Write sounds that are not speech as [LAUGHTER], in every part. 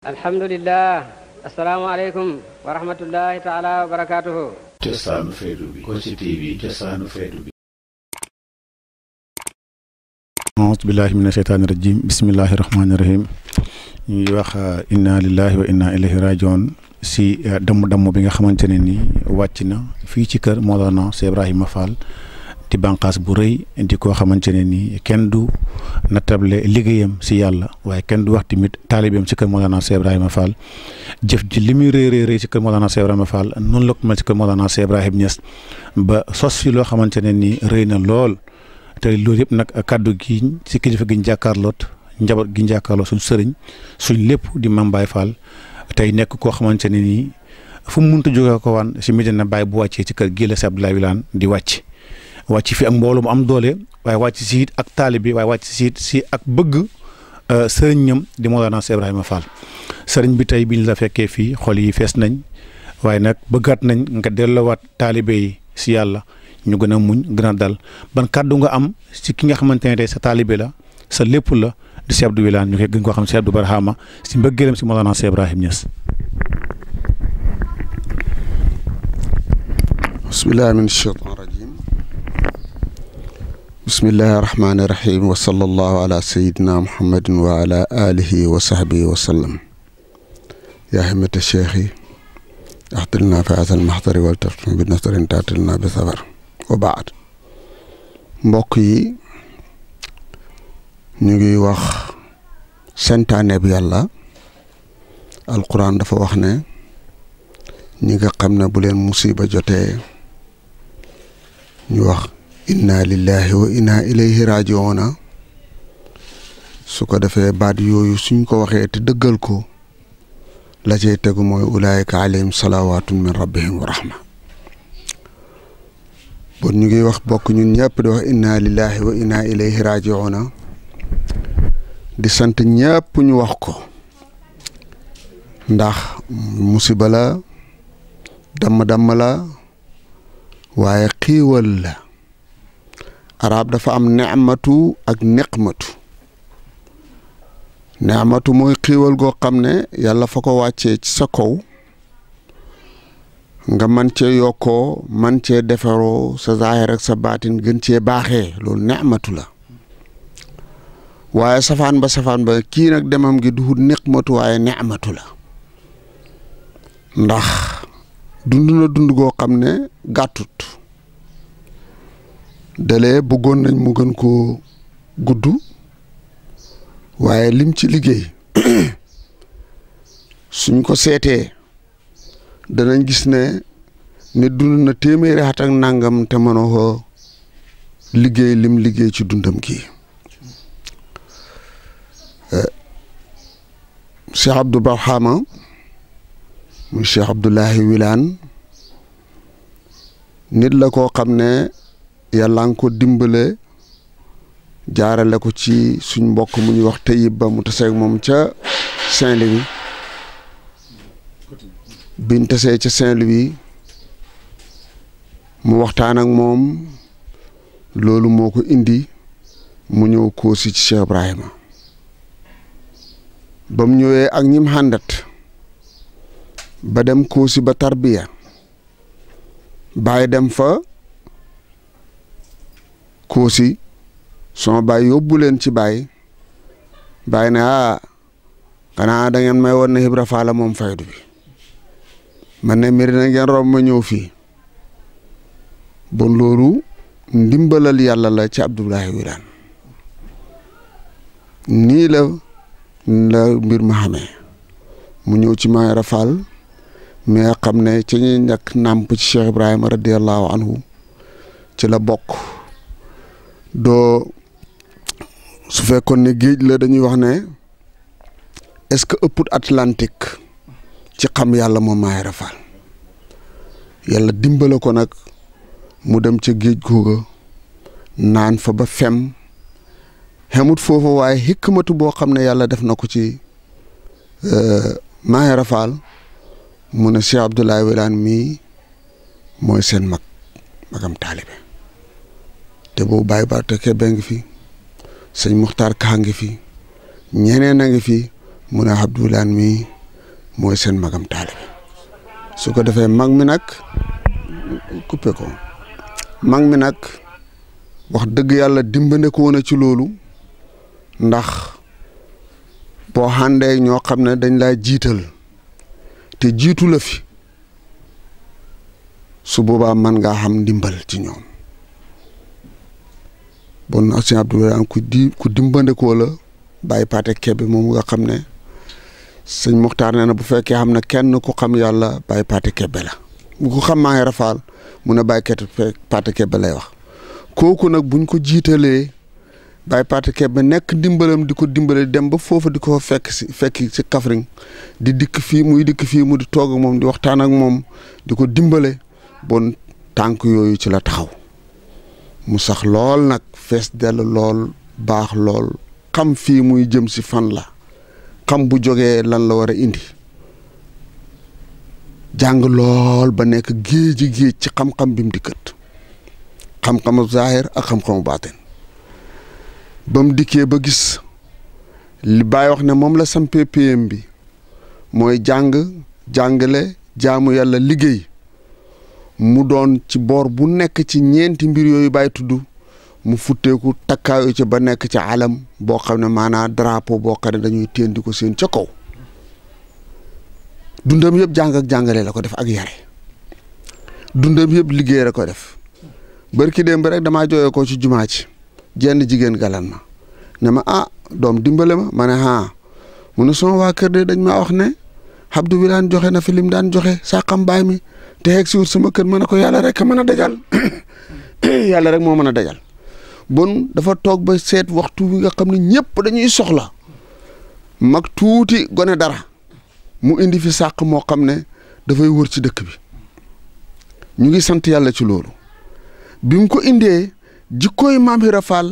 alhamdulilah asalaamaaleykum wa rahmatullahi taala wa barakaatuhu feetu bi Kossy feetu bi wax uh, inna si uh, damm-damm bi nga xamante ne ni wàcc na fii ci kër Mawlana Cheikh Ibrahima Fall di bànqaas bu rëy di koo xamante ne ni kenn du nattable liggéeyam si yàlla waaye kenn du wax tamit taalibeem si kër Mawlana Cheikh Ibrahima Fall jëf ji li muy rëy rëy rëy si kër Mawlana Cheikh Ibrahima Fall noonu la ko mel si kër Mawlana Cheikh Ibrahima Niass ba sos fi loo xamante ne ni rëy na lool te loolu yëpp nag kàddu gi si kilifa gi ñu jàkkaarloot njaboot gi ñu jàkkaarloot suñ sëriñ suñ lépp di Mame Baye Fall tey nekk koo xamante ne ni fu mu mënta jógee ko waan si Medina Baye bu wàccee ci kër gii la si Abdoulaye di wàcc wàcc fi ak mbooloo mu am doole waaye wàcc si it ak taalibe waaye wàcc siit it si ak bëgg euh, sëriñ ñam di Mawlana Cheikh Ibrahima sëriñ bi tey biñ la fekkee fii xol yi fees nañ waaye nag bëggaat nañ nga delloowaat taalibe yi si yàlla ñu gën a muñ gën a dal ban nga am si ki nga xamante ne tey sa taalibe la sa lépp la di Cheikh Abdou Wilane ñu koy gën koo xam Cheikh Abdou Barhama si mbëggeelam si Mawlana Cheikh Ibrahima Niass. bismillah bismillahi rahmaani rahim wa sallallahu ala sayidina muhammadin wa alihi wa sahbihi wa sallam yaa himata cheikhi axtilna fi asal wal taftin bi nastarin taatilna bi safar wa baad mbokk yi ñu ngi wax santaane bi yàlla alquran dafa wax ne ñi nga xam ne bu leen musiba jotee ñu wax inna lillahi wa inna ilayhi rajiuna su ko defee baat yooyu suñ ko waxee te dëggal ko la cay tegu mooy ulaayika alayhim salawatun min rabbihim wa rahma ñu ngi wax bokk ñun ñëpp di wax inna lillahi wa inna ilayhi rajiuna di sant ñëpp ñu wax ko ndax musiba la damm-damm la waaye xiiwal la araab dafa am neexmatu ak neqmatu neexmatu mooy xiiwal goo xam ne yàlla fa ko wàccee ci sa kaw nga man cee yokkoo man cee defaroo sa zaahir ak sa baatin gën cee baaxee loolu neexmatu la waaye safaan ba safaan ba kii nag demam gi duhut neqmatu waaye neexmatu la ndax dund na dund goo xam ne gàttut délai bëggoon nañ mu gën ko gudd waaye lim ci liggéey [CLEARS THROAT] suñ ko seetee danañ gis ne nit dund na téeméeri at ak nangam te mënoo ko liggéey lim liggéey ci dundam ki eh, Cheikh Abdou Barhama muy Cheikh Abdoulahi Wilane nit la ko xam ne yàlla nga ko dimbale jaarale ko ci suñ mbokk mu ñuy wax Tayib Ba mu taseeg moom ca Saint-Louis biñ tasee ca Saint-Louis mu waxtaan ak moom loolu moo ko indi mu ñëw Kossy ci Cheikh Ibrahima ba mu ñëwee ak ñim xàndat ba dem Kossy ba tarbiya bàyyi dem fa kosi sama baay bulen cibai, ci bay bay na ah xanaa da ngeen may won ne Ibra fala mom faydu bi man ne mir na ngeen rom ma ñëw fi bon loolu ndimbalal yalla la ci abdullah wiran ni la la mbir ma mu ñëw ci Mayoro rafal me xamne ci ñi ñak namp ci Cheikh ibrahim radiyallahu anhu ci la bokk doo su fekkoon ne géej la dañuy wax ne est-ce que ëpput Atlantique ci xam yàlla moom Maayara Fall yàlla dimbale ko nag mu dem ca géej googa naan fa ba fem xemut foofu waaye xikmatu boo xam ne yàlla def na ko ci euh, Maayara Fall mu ne Cheikh Abdoulaye Wilane mii mooy seen mag magam taalibe te boobu Baye Barté Kébé ngi fi sëñ Muxtaar Ka ngi fi ñeneen a ngi fi mu ne Abdoulaye mi mooy seen magam taalibe su ko defee mag mi nag coupé ko mag mi nag wax dëgg yàlla dimbale ko woon ci loolu ndax boo xàndee ñoo xam ne dañ laa jiital te jiitu la fi su boobaa man ngaa xam ndimbal ci ñoom bon Sëñ Abdou Lahad ku di ku dimbandikoo la bàyyi paate kebe moom nga xam ne sëñ Moxtaar nee na bu fekkee xam ne kenn ku xam yàlla bàyyi paate kebe la bu ko xam maa ngi rafaal mu ne bàyyi ket paate kebe lay wax kooku nag buñ ko jiitalee bàyyi paate kebe nekk dimbalam di ko dimbale dem ba foofu di ko fa fekk si fekki si Kaffrine di dikk fii muy dikk fii mu di toog moom di waxtaan ak moom di ko dimbale bon tànk yooyu ci la taxaw mu sax lool nag fees dell lool baax lool xam fii muy jëm si fan la xam bu jógee lan la war a indi jàng lool ba nekk géeji géej ci xam-xam bi mu dikkat xam-xamu zaahir ak xam-xamu baatin ba mu dikkee ba gis li Baay wax ne moom la sampee PM bi mooy jàng jàngale jaamu yàlla liggéey mu doon ci boor bu nekk ci ñeenti mbir yooyu bàyyi tudd mu futteeku takkaayu ca ba nekk ci alam boo xam ne maanaa drapeau boo kane ne dañuy téen ko seen ca kaw dundam yëpp jàng ak jàngale la ko def ak yare dundam yëpp liggéey la ko def barki démb rek damaa jooyee ko ci jumaa ci jenn jigéen galan ma ne ma ah doom dimbale ma ma ne ah mu waa kër de dañ ma wax ne Abdou daan joxe na fi lim daan joxe sàqam baay mi te xeeg si wut sama kër mën a ko yàlla rek a mën a dajal [COUGHS] yàlla rek moo mën a dajal bon dafa toog ba seet waxtu bi nga xam ne ñëpp dañuy soxla mag tuuti gone dara mu indi fi sàq moo xam ne dafay wër ci dëkk bi ñu ngi sant yàlla ci loolu bi mu ko indee jikkooy maam Ibra Fall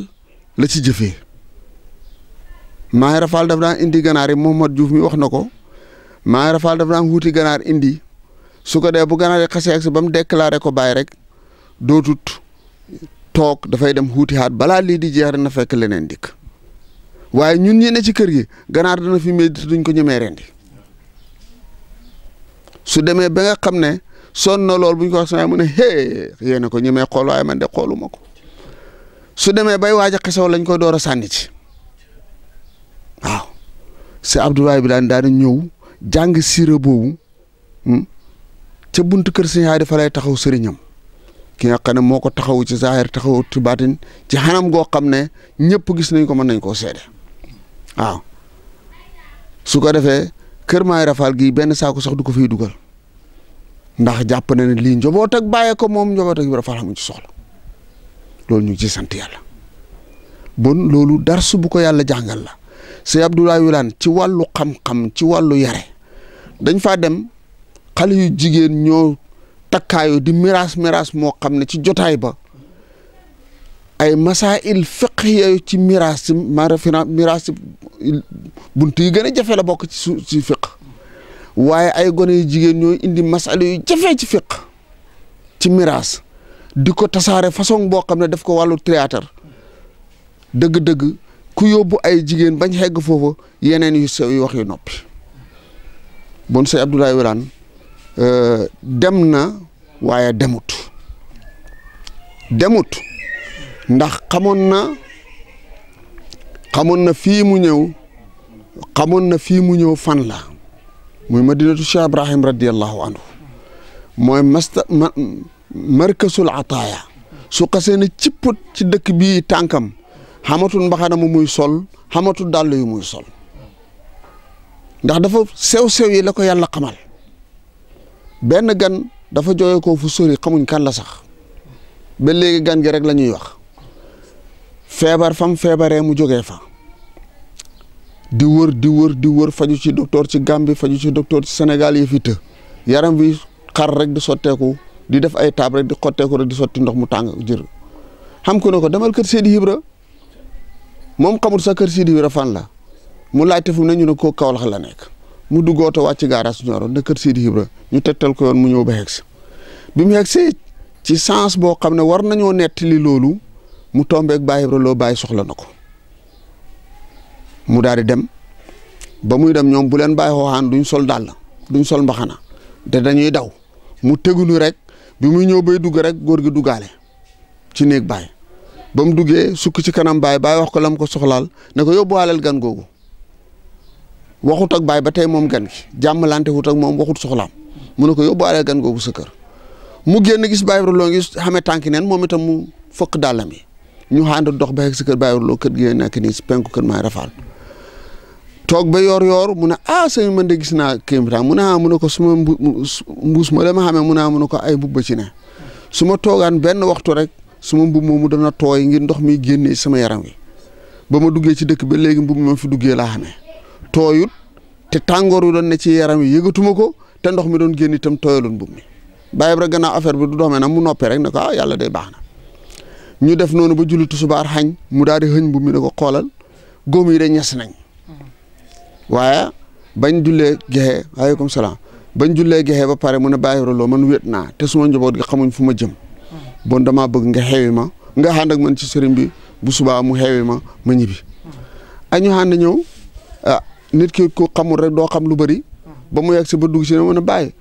la ci jëfee maam Ibra Fall daf daan indi ganaar yi moom Mohamed Diouf mi wax na ko maam Ibra Fall daf daan wuuti ganaar indi su ko dee bu ganaar yi xasee ak si ba mu déclaré ko bàyyi rek dootut toog dafay dem xuuti xaat balaa lii di jeex na fekk leneen dikk waaye ñun ñi ci kër gi ganaar dana fi duñ ko ñemee rendi su demee ba nga xam ne sonn na lool bu ko wax mu ne hee yéen a ko xool waaye man de xooluma ko su demee bay waaj a lañ koy door a sànni ci waaw si Abdoulaye bi daan daan ñëw jàng siire boobu. Hmm? ca buntu kër sëñ Haadi fa taxaw sëriñam ki nga xam ne moo ko taxaw ci zaahir taxawu ci baatin ci xanam goo xam ne ñëpp gis nañ ko mën nañ koo seede waaw su ko defee kër maay rafal gii benn saako sax du ko fiy dugal ndax jàpp na ne lii njaboot ak bàyyee ko moom njaboot ak bi rafaal ci soxla loolu ñu ci ciy sant yàlla bon loolu dar subu ko yàlla jàngal la sëñ Abdoulaye Wilane ci wàllu xam-xam ci wàllu yare dañ faa dem. xale yu jigéen ñoo takkaayu di miraas miraas moo xam ne ci jotaay ba ay masail fiqhiya ci miraas ci maanaam miraas bunt yi gën a jafe la bokk ci su waaye ay gone yu jigéen ñoo indi masala yu jafe ci fiq ci miraas di ko tasaare façon boo xam ne def ko wàllu théâtre dëgg-dëgg ku yóbbu ay jigéen bañ xegg foofu yeneen yu sew yu wax yu noppi bon say Abdoulaye Wilane Euh, dem na waaye demut demut ndax xamoon na xamoon na fii mu ñëw xamoon na fii mu ñëw fan la muy madinatu Cheikh Ibrahim radiallahu anhu mooy masta markasul ataaya su xasee ne cipput ci dëkk bii tànkam xamatul mbaxana mu muy sol xamatul dàll yu muy sol ndax dafa sew-sew yi la ko yàlla xamal benn gan dafa jóge ko fu sori xamuñ kan la sax ba léegi gan gi rek la ñuy wax feebar fam feebaree mu jógee fa di wër di wër di wër faju ci docteur ci Gambie faju ci docteur ci Sénégal yi fi të yaram wi xar rek di sotteeku di def ay taab rek di xotteeku rek di sotti ndox mu tàng jër xam ko ne ko demal kër Sidi Ibra moom xamul sax kër Sidi Ibra fan la mu laajte fu ne ñu ne ko Kaolack la nekk mu dugg oto wàcc garage Nioro na kër Sidi Ibra ñu tegtal ko yoon mu ñëw ba xegsi bi mu xegsee ci sens boo xam ne war nañoo nettali loolu mu tombeeg Baye Ibra loo bàyyi soxla na ko mu daal di dem ba muy dem ñoom bu leen bàyyi xooxaan duñ sol dàll duñ sol mbaxana te dañuy daw mu tegunu rek bi muy ñëw bay dugg rek góor gi duggaale ci néeg Baye ba mu duggee sukk ci kanam baay Baye wax ko lam ko soxlaal na ko yóbbu yóbbuwaaleel gan googu. waxut ak bay ba mom gan gi jamlanté wut ak mom waxut soxlam mu ne ko gan gogu sa kër mu genn gis bay Ibra Lo ngi xamee tànki neen mu fokk dalami ñu ànd dox ba si kër bay Ibra Lo kër gi nekk ni penku kër maay rafal tok ba yor-yor muna ne ah sëñ man de gis na kéemtaan mu ne ah mu ko suma mbuus mo dama xamé ah, mu ne ko ay mbubba ci ne suma togan ben waxtu rek suma bu momu dana toy ngir ndox mi genné sama yaram wi bama duggé ci dëkk ba légui mbum ma fi duggé la xamé tooyut te tàngoor wi doon ne ci yaram yi yëgatuma ko te ndox mi doon génn itam tooyaloon mbubb mi bàyyi ba gannaaw affaire bi du doxee nag mu noppee rek ne ko ah yàlla day baax na ñu def noonu ba julli tusubaar xañ mu daal di xëñ mbubb mi ne ko xoolal góom yi de ñes nañ waaye bañ jullee gexe waaleykum salaam bañ jullee gexe ba pare mu ne bàyyi loo man wéet naa te suma njaboot gi xamuñ fu ma jëm bon damaa bëgg nga xewi ma nga ànd ak ci sëriñ bi bu subaa mu xewi ma ma nit ki ku xamul rek doo xam lu bari ba mu yegg si ba dugg si ne mën a bàyyi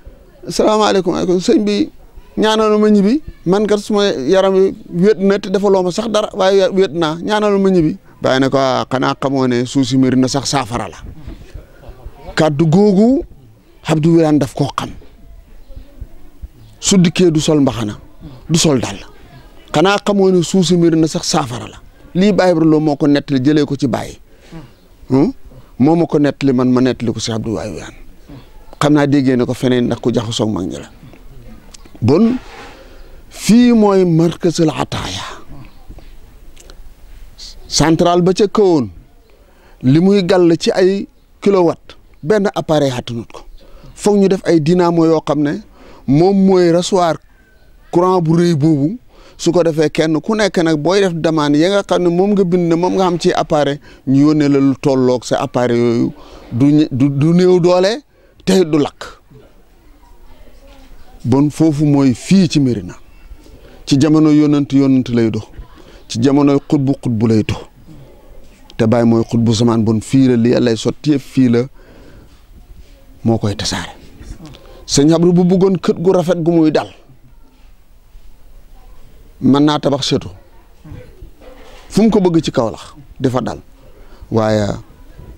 asalaamaaleykum aleykum sëñ bi ñaanal ma ñibbi man kat suma yaram wi wéet na te defaloo sax dara waaye wéet naa ñaanal ma ñibbi. bàyyi na ko ah, xanaa xamoo ne suuf si na sax saafara la kàddu googu Abdou Wilane daf koo xam du sol mbaxana du sol dàll xanaa xamoo ne suuf si mbir na sax saafara la lii bàyyi bi moo ko jëlee ko ci bàyyi. moom ma ko nettali man ma nettali ko si Abdou Waayaan xam naa déggee na ko feneen ndax ku jaxasoo ak mag ñi la bon fii mooy markazul ataaya centrale ba ca kawoon li muy gàll ci ay kilowatt benn appareil xattanut ko foog ñu def ay dynamo yoo xam ne moom mooy recevoir courant bu rëy boobu su ko defee kenn ku nekk nag booy def demande ya nga xam ne moom nga bind na moom nga xam ci appareil ñu yónnee la lu tolloog sa appareil yooyu du du doole te du lakk bon foofu mooy fii ci Médina ci jamono yonant yonant lay do ci jamonoy xutbu xutbu lay dox te bàyyi mooy xutbu samaan bon fii la li yàlla sotti yëpp fii la moo koy tasaare sëñ Abdou bu bëggoon kët gu rafet gu muy dal mën naa tabax château fu ko bëgg ci Kaolack di fa dal waaye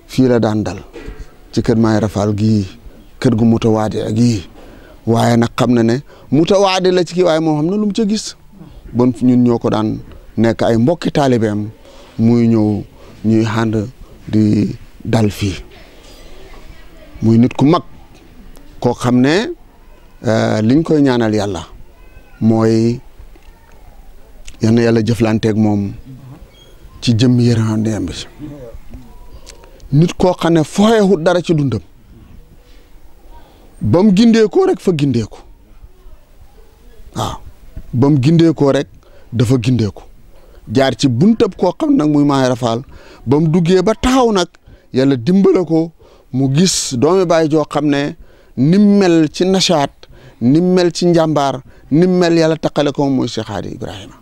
fii la daan dal ci kër Maay Rafal gi kër gu mutawaadi ak gi waaye nag xam na ne mutawaadi la ci kii waaye moo xam na lu mu ca gis bon ñun ñoo ko daan nekk ay mbokki taalibeem muy ñëw ñuy ànd di dal fii muy nit ku mag koo xam ne eh, liñ koy ñaanal yàlla mooy yal na yàlla jëflanteeg moom ci jëmm yërmandeem bi nit koo xam ne foxeewut dara ci dundam ba mu gindeekoo rek fa gindeeku waaw ba mu gindeekoo rek dafa gindeeku jaar ci buntab koo xam nag muy Maay Rafaal ba duggee ba taxaw nag yàlla dimbale ko mu gis doomi baay joo xam ne nim mel ci nachaat nim mel ci njàmbaar nim mel yàlla taqale ko muy Cheikh Ibrahima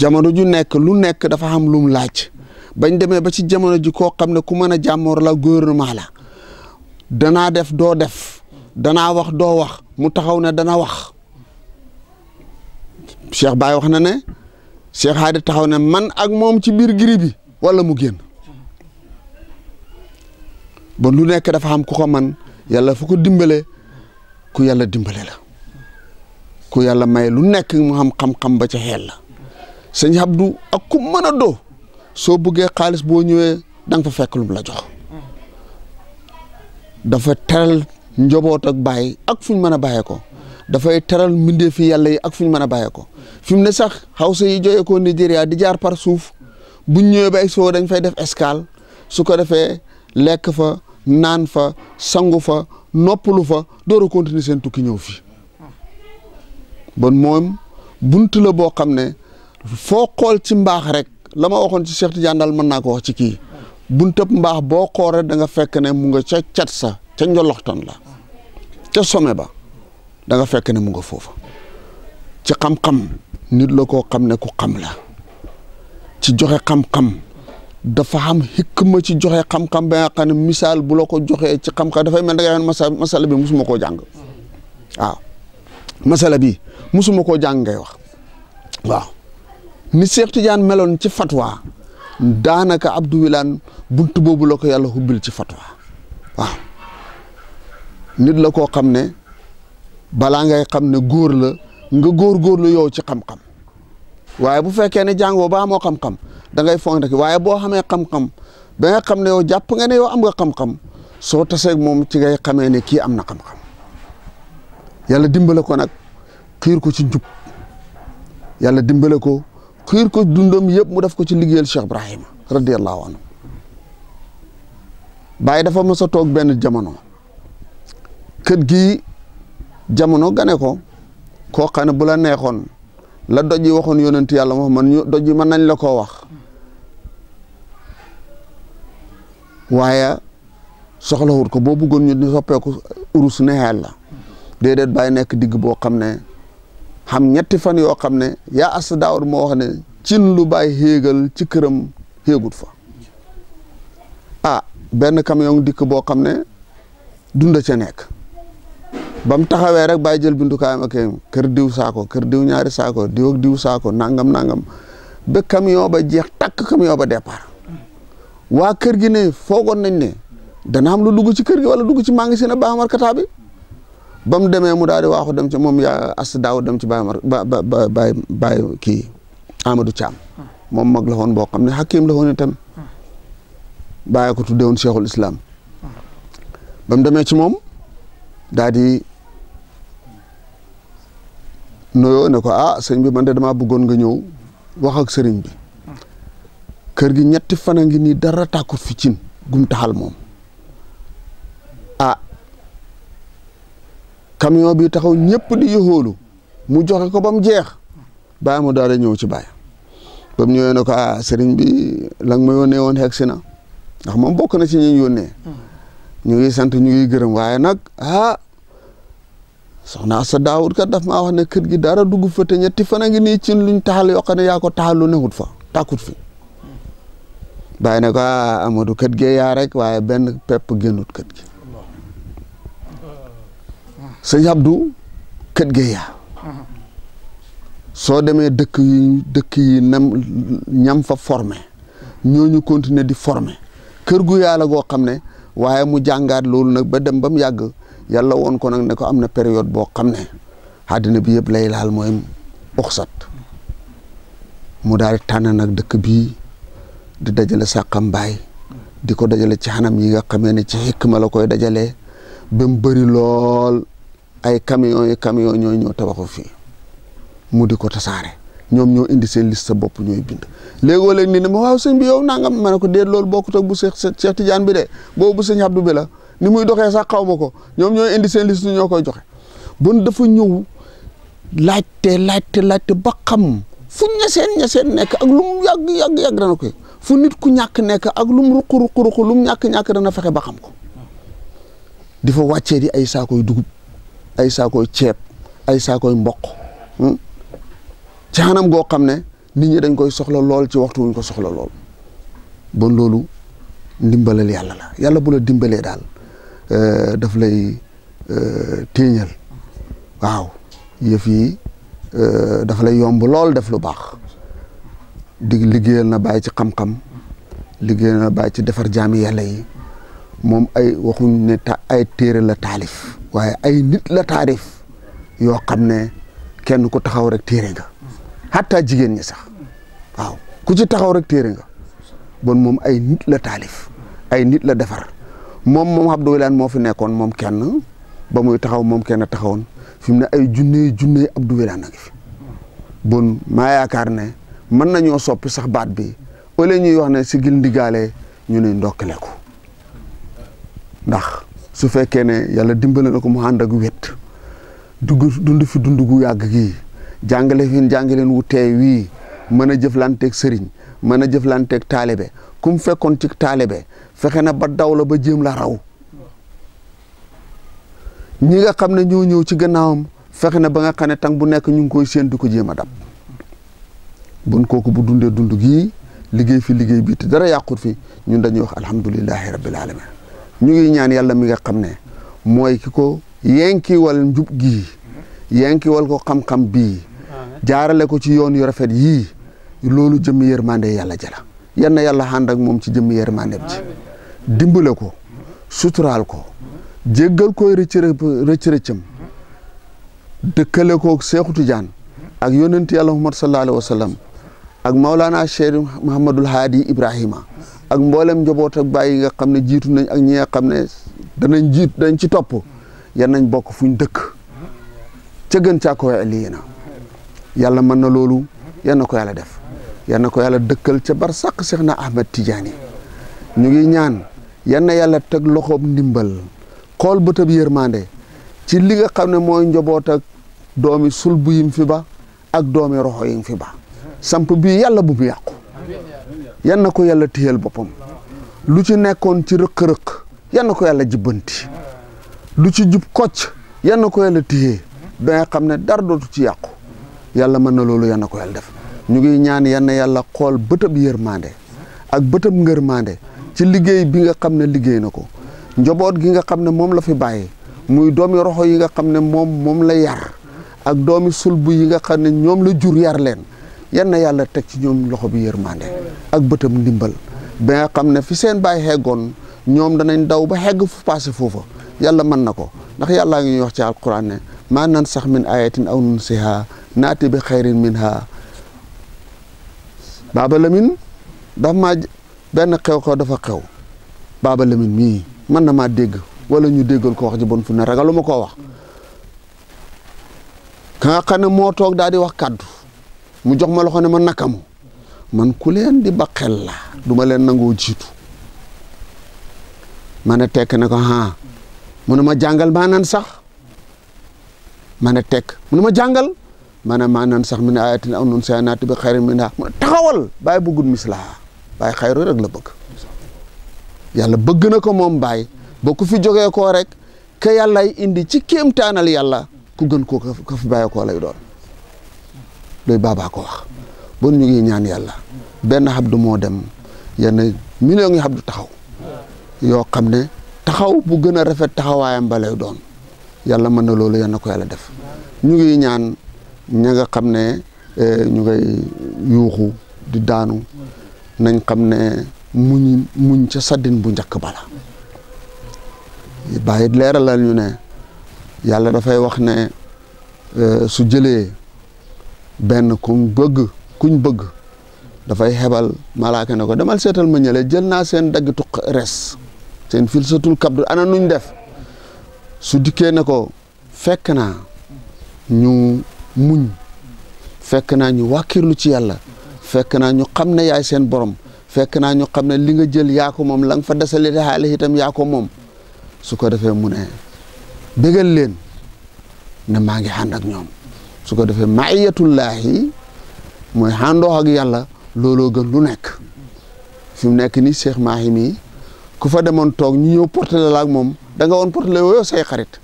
jamono ju nekk lu nekk dafa am lum laaj bañ demee ba ci jamono ji koo xam ne ku mën a jàmmoor la gouvernement la danaa def doo def danaa wax doo wax mu taxaw ne dana wax Cheikh baay wax na ne Cheikh Hadi taxaw ne man ak moom ci biir giri bi wala mu génn bon lu nekk dafa am ku ko man yàlla fu ko dimbale ku yàlla dimbale la ku yàlla may lu nekk mu am xam-xam ba ca xeel la sëñ Abdou ak ku mën a doo soo buggee xaalis boo ñëwee danga nga fa fekk lu la jox dafa teral njaboot ak bàyyi ak fu ñu mën a bàyyee ko dafay teral mbindee fi yàlla yi ak fu ñu mën a bàyyee ko fi mu ne sax Hausa yi jógee ko Nigéria di jaar par suuf bu ñëwee bay soo dañ fay def escale su ko defee lekk fa naan fa sangu fa noppalu fa door a continuer seen tukki ñëw fi bon moom bunt la boo xam ne. fokol xool ci mbax rek lama waxon ci Cheikh Tidiane dal man nako wax ci kii buntëb mbaax boo re da nga fekk ne mu nga ci chat sa ca njoloxton la ci somme ba da nga fekk ne mu nga fofu ci xam-xam nit la ko xam ku xam la ci joxe xam-xam dafa xam hikma ci joxe xam-xam ba nga xane misal bu la ko joxe ci xam-xam fay mel da nga yone masala bi musuma ko jang waaw masala bi musuma ko jang ngay wax waaw ni Cheikh Tidiane meloon ci fatwa daanaka Abdou Wilane bunt boobu la ko yàlla hubbil ci fatwa waaw nit la koo xam ne balaa ngay xam ne góor la nga góor góorlu yow ci xam-xam waaye bu fekkee ne jàngoo ba amoo xam-xam da ngay foog rek waaye boo xamee xam-xam ba nga xam ne yow jàpp nga ne yow am nga xam-xam soo taseeg moom ci ngay xamee ne kii am na xam yàlla dimbale ko nag kiir ko ci njub yàlla dimbale ko xiir ko dundam yëpp mu def ko ci liggéeyal Cheikh Ibrahima radiyallahu anhu Baye dafa mës a toog benn jamono kët gi jamono gane ko koo xam bu la neexoon la doj yi waxoon yonent yàlla Muhammad ñu doj yi mën nañ la koo wax waaye soxlawut ko boo bëggoon ñu soppeeku urus neexeel la déedéet Baye nekk digg boo xam ne. xam ñetti fan yoo xam ne yaa as daawar moo wax ne cin lu bàyyi xéegal ci këram xéegut fa ah benn camion dikk boo xam ne dunda ca nekk ba mu taxawee rek bàyyi jël bindukaayam ak kër diw saako kër diw ñaari saako diw diw saako nangam nangam ba camion ba jeex takk camion ba départ waa kër gi ne foogoon nañ ne dana am lu dugg ci kër gi wala dugg ci maa ngi ba mu demee mu daal di waaxu dem ci moom yaa as daaw dem ci Baye Mar ba ba Baye Baye kii Amadou Thiam. moom mag la woon boo xam ne hakim la woon itam. bàyyi ko tuddee woon cheikhul islam. ba demee ci moom daal di nuyoo ne ko ah sëñ bi man de damaa bëggoon nga ñëw wax ak sëriñ bi. kër gi ñetti fan a ngi nii dara tàkkut fi cin gum taxal moom. camion bi taxaw ñëpp di yëxoolu mu joxe ko ba jeex bàyyi mu daal di ñëw ci bàyyi ba mu ñëwee ko ah sëriñ bi la nga ma yónnee woon xegsi na ndax moom bokk na ci ñi ñu yónnee ñu ngi sant ñu gërëm waaye nag a ah, soxna sa daawut kat daf maa wax ne kër gi dara dugg fa te ñetti fan a ngi nii cin luñ taxal yoo xam ne yaa ko taxal lu newut fa tàkkut fi bay ne ko ah Amadou kët gee yaa rek waaye benn pep génnut kët gi sëñ Abdou kët géeya soo demee dëkk yi dëkk yi nam ñam fa formé ñooñu continuer di forme kër gu yàlla goo xam ne waaye mu jàngaat loolu nag ba dem ba mu yàgg yàlla woon ko nag ne ko am na période boo xam ne àddina bi yëpp lay laal mooy uxsat mu daal di tànn nag dëkk bi di dajale Sàqambaay di ko dajale ci xanam yi nga xamee ne ci xikma la koy dajalee ba mu bëri lool ay camions yi camions ñooy ñoo tabaxu fii mu di ko tasaare ñoom ñoo indi seen liste sa bopp ñooy bind léegoo léeg ni ne ma waaw sëñ bi yow nangam ma ne ko déet loolu bokkut ak bu Cheikh Cheikh Tidiane bi de boobu bu sëñ Abdou bi la ni muy doxee sax xaw ma ko ñoom ñooy indi seen liste ñoo koy joxe bon dafa ñëw laajte laajte laajte ba xam fu ñaseen ñaseen nekk ak lu mu yàgg yàgg dana koy fu nit ku ñàkk nekk ak lu mu ruq ruq ruq lu ñàkk ñàkk dana fexe ba xam ko di fa wàccee ay saakoy ceeb ay saakoy mboq hmm? ci xanam goo xam ne nit ñi dañ koy soxla lool ci waxtu wuñ ko soxla lool bon loolu ndimbalal yàlla la yàlla bu la dimbalee daal euh, daf lay euh, téeñal waaw yëf yi euh, dafa lay yomb lool def lu baax di liggéeyal na bàyyi ci xam-xam liggéeyal na bàyyi ci defar jaami yàlla yi moom ay waxuñ ne ta ay téere la taalif waaye ay nit la taarif yoo xam ne kenn ku taxaw rek téere nga xataa jigéen ñi sax ku ci taxaw rek téere nga bon moom ay nit la taalif ay nit la defar moom moom Abdou Wilane moo fi nekkoon moom kenn ba muy taxaw moom kenn taxawoon fi mu ne ay junne junne Abdou Wilane a fi bon maa yaakaar ne mën nañoo soppi sax baat bi au lieu ñuy wax ne si gil ndigaale ñu ne ndokkale ko ndax su fekkee ne yàlla dimbale na ko mu ànd ak wet dugg dund fi dund gu yàgg gii jàngale fi jàngaleen wu teey wii mën a jëflanteeg sëriñ mën a jëflanteeg taalibe ku mu fekkoon ci taalibe fexe na ba daw la ba jéem la raw ñi nga xam ne ñoo ñëw ci gannaawam fexe na ba nga xam ne tàng bu nekk ñu ngi koy séen di ko jéem a dab bon kooku bu dundee dund gii liggéey fi liggéey bi te dara yàqut fi ñun dañuy wax alhamdulillahi rabbil alamin ñu ngi ñaan yàlla mi nga xam ne mooy ki ko yenkiwal njub gii wal ko xam-xam bii jaarale ko ci yoon yu rafet yi loolu jëmmi yërmande yàlla jala yan na yàlla ànd ak moom ci jëmmi yërmande ji dimbale ko sutural ko jéggal koy rëcc rëccam dëkkale ko Seexu Tijaan ak yonent yàlla Muhammad sallallahu alayhi wa sallam ak Maulana Cheikh Mouhamadul Haadi Ibrahima ak mboolem njaboot ak bàyyi nga xam ne jiitu nañ ak ñi nga xam ne danañ jiit dañ ci topp yan nañ bokk fu ñu dëkk ca gën caa ko lii na yàlla mën na loolu yan na ko yàlla def yan na ko yàlla dëkkal ca bar sàq Cheikh na Ahmed Tidiane ñu ngi ñaan yan na yàlla teg loxoom ndimbal xool bëtëb yërmande ci li nga xam ne mooy njaboot ak doomi sulbu yim fi ba ak doomi roxo yim fi ba samp bii yàlla bu mu yàqu yan ko yàlla téyal boppam lu ci nekkoon ci rëkk-rëkk yan ko yàlla jubbanti lu ci jub kocc yan na ko yàlla téyee ba nga xam ne dar dootu ci yàqu yàlla mën na loolu yan ko yàlla def ñu ngi ñaan yan na yàlla xool bëtëb yërmande ak bëtëb ngërmande ci liggéey bi nga xam ne liggéey na ko njaboot gi nga xam ne moom la fi bàyyi muy doomi roxo yi nga xam ne moom moom la yar ak doomi sulbu yi nga xam ne ñoom la jur yar leen yan na yàlla teg ci ñoom loxo bi yërmande ak bëtam ndimbal ba nga xam ne fi seen baay xeggoon ñoom danañ daw ba xegg fu passé foofa yàlla mën na ko ndax yàlla ngi ñuy wax ci alquran ne maa nan sax min ayatin aw nun siha naati bi xayrin min ha dafa xew ko dafa baaba lamin mii mën na maa dégg wala ñu déggal ko wax ji bon fu ne ragalu ma koo wax ka nga xam ne moo toog daal di wax kàddu mu jox ma loxone ma nakamu man ku len di bakel la duma len nango jitu ma tek tekk ne ko ah mu ne ma mana sax ma tek munuma jangal ne ma jàngal bayi sax min ayatin aw nun sayanaati bi khair min mu ne taxawal bàyyi bëggul mislaa rek la bëgg yalla bëgg nako mom fi ko rek ke yalla indi ci kemtanal yalla ku gën ko ka fi bàyyi ko lay doon doy baabaa ko wax bon ñu ngi ñaan yàlla benn xabdu moo dem yenn millions yi xabdu taxaw yoo xam ne taxaw bu gën a rafet taxawaayam bale lay doon yàlla mën na loolu yal na ko yàlla def ñu ngi ñaan ña nga xam ne eh, ñu ngay yuuxu di daanu nañ xam ne muñ muñ ca saddin bu njëkk bala bàyyi leeralal ñu ne yàlla dafay wax ne eh, su jëlee benn kum bëgg kuñ bëgg dafay xebal malaaka ne ko demal seetal ma ñële jël naa seen daggitu res seen filsatul kabdu ana nuñ def su dikkee ne ko fekk naa ñu muñ fekk naa ñu lu ci yàlla fekk naa ñu xam ne yaay seen borom fekk naa ñu xam ne li nga jël yaa ko moom la nga fa desali xaale itam yaa ko moom su ko defee mu ne bégal leen ne maa ngi ànd ak ñoom su ko defee maayatullaahi mooy xàndoox ak yàlla looloo gën lu nekk fi mu nekk nii Cheikh Mahi mii ku fa demoon toog ñu ñëw portale la ak moom da nga woon portale woo say xarit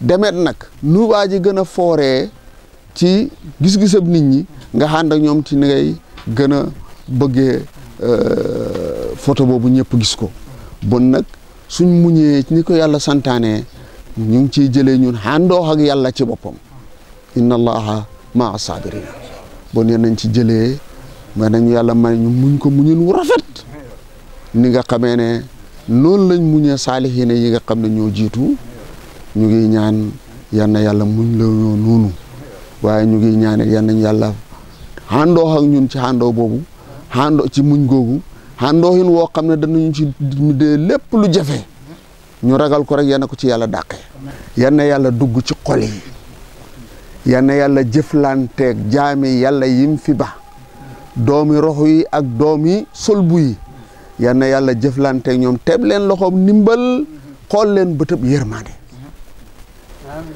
demet nag nu waa ji gën a fooree ci gis-gisab nit ñi nga ànd ak ñoom ci ni ngay gën a bëggee euh, photo boobu ñëpp gis ko bon nag suñ ni ko yàlla santaane ñu ngi ciy jëlee ñun àndoox ak yàlla ci boppam inna allaha maa saabiriin bon yéen nañ ci jëlee may nañu yàlla may ñu muñ ko muñul wu rafet nga xamee ne noonu lañ muñee saalihiine yi nga xam ne ñoo jiitu ñu ngi ñaan yal na yàlla muñ la ñoo noonu waaye ñu ngi ñaan yal nañ yàlla àndoo ak ñun ci àndoo boobu àndoo ci muñ googu àndoohin woo xam ne danañu ci dee lépp lu jafe ñu ragal ko rek yal na ko ci yàlla dàqee yal na yàlla dugg ci xol yi yal na yàlla jëflanteeg jaami yàlla yim fi ba doomi rox yi ak doomi solbu yi yal na yàlla jëflanteeg ñoom teeb leen loxoom ndimbal xool leen bëtëb yërmaande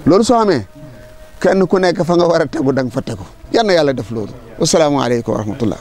loolu soo amee kenn ku nekk fa nga war a tegu da fa tegu yal na yàlla def loolu. asalaamaaleykum wa rahmatullah